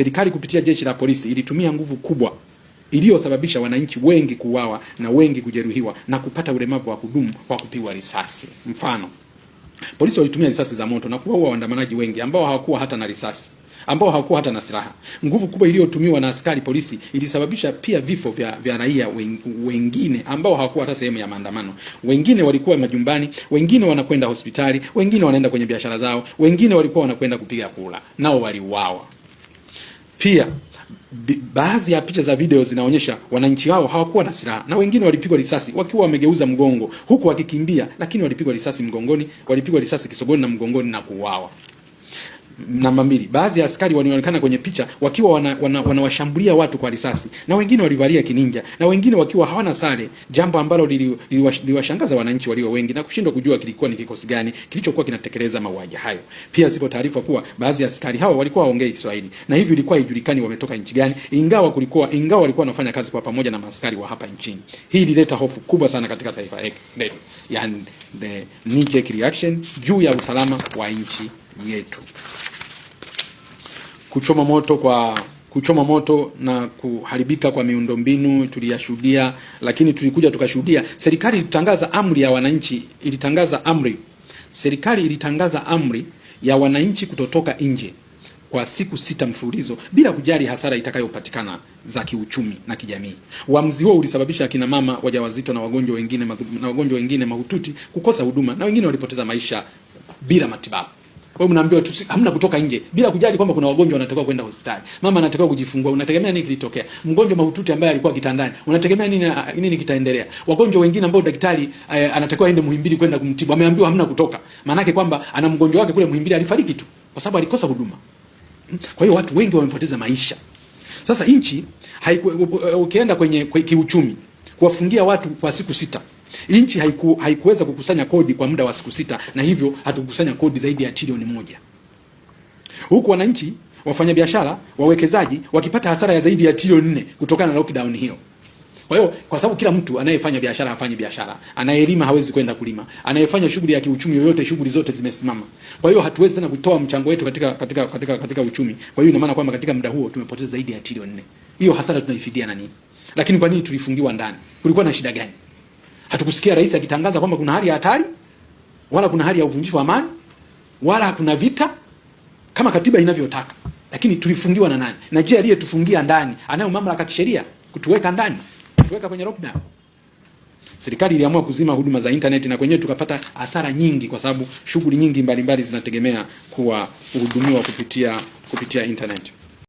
serikali kupitia jeshi la polisi ilitumia nguvu kubwa iliyosababisha wananchi wengi kuuawa na wengi kujeruhiwa na kupata ulemavu wa kudumu kwa kupigwa risasi. Mfano, polisi walitumia risasi za moto na kuwaua waandamanaji wengi ambao hawakuwa hata na risasi, ambao hawakuwa hata na silaha. Nguvu kubwa iliyotumiwa na askari polisi ilisababisha pia vifo vya, vya raia wengine ambao hawakuwa hata sehemu ya maandamano. Wengine walikuwa majumbani, wengine wanakwenda hospitali, wengine wanaenda kwenye biashara zao, wengine walikuwa wanakwenda kupiga kura, nao waliuawa. Pia baadhi ya picha za video zinaonyesha wananchi hao hawakuwa na silaha na wengine walipigwa risasi wakiwa wamegeuza mgongo huku wakikimbia, lakini walipigwa risasi mgongoni, walipigwa risasi kisogoni na mgongoni na kuuawa. Namba mbili, baadhi ya askari walionekana kwenye picha wakiwa wanawashambulia wana, wana watu kwa risasi na wengine walivalia kininja na wengine wakiwa hawana sare, jambo ambalo liliwashangaza wananchi walio wengi na kushindwa kujua kilikuwa ni kikosi gani kilichokuwa kinatekeleza mauaji hayo. Pia zipo taarifa kuwa baadhi ya askari hawa walikuwa waongei Kiswahili na hivyo ilikuwa haijulikani wametoka nchi gani, ingawa kulikuwa ingawa walikuwa wanafanya kazi kwa pamoja na maaskari wa hapa nchini. Hii ilileta hofu kubwa sana katika taifa letu, yani the knee jerk reaction juu ya usalama wa nchi yetu. Kuchoma moto kwa kuchoma moto na kuharibika kwa miundombinu tuliyashuhudia, lakini tulikuja tukashuhudia serikali ilitangaza amri ya wananchi, ilitangaza amri, serikali ilitangaza amri ya wananchi kutotoka nje kwa siku sita mfululizo bila kujali hasara itakayopatikana za kiuchumi na kijamii. Uamuzi huo ulisababisha akina mama wajawazito na wagonjwa wengine na wagonjwa wengine mahututi kukosa huduma na wengine walipoteza maisha bila matibabu. Kwa hiyo mnaambiwa tu hamna kutoka nje bila kujali kwamba kuna wagonjwa wanatakiwa kwenda hospitali. Mama anatakiwa kujifungua, unategemea nini kilitokea? Mgonjwa mahututi ambaye alikuwa kitandani, unategemea nini ah, ah, nini kitaendelea? Wagonjwa wengine ambao daktari eh, anatakiwa aende Muhimbili kwenda kumtibu, ameambiwa hamna kutoka. Maana yake kwamba ana mgonjwa wake kule Muhimbili alifariki tu kwa sababu alikosa huduma. Kwa hiyo watu wengi wamepoteza maisha. Sasa nchi ukienda kwenye kwe, kiuchumi kuwafungia watu kwa siku sita Nchi haiku, haikuweza kukusanya kodi kwa muda wa siku sita na hivyo hatukukusanya kodi zaidi ya trilioni moja, huku wananchi, wafanyabiashara, wawekezaji wakipata hasara ya zaidi ya trilioni nne kutokana na lockdown hiyo. Kwa hiyo kwa sababu kila mtu anayefanya biashara afanye biashara, anayelima hawezi kwenda kulima, anayefanya shughuli ya kiuchumi yoyote, shughuli zote zimesimama. Kwa hiyo hatuwezi tena kutoa mchango wetu katika katika katika katika uchumi. Kwa hiyo ina maana kwamba katika muda huo tumepoteza zaidi ya trilioni nne. Hiyo hasara tunaifidia na nini? Lakini kwa nini tulifungiwa ndani? Kulikuwa na shida gani? Hatukusikia rais akitangaza kwamba kuna hali ya hatari wala kuna hali ya uvunjifu wa amani wala kuna vita kama katiba inavyotaka. Lakini tulifungiwa na nani? Na je, aliyetufungia ndani anayo mamlaka kisheria kutuweka ndani, kutuweka kwenye lockdown? Serikali iliamua kuzima huduma za internet na kwenyewe tukapata hasara nyingi, kwa sababu shughuli nyingi mbalimbali zinategemea kuwa kuhudumiwa kupitia kupitia internet.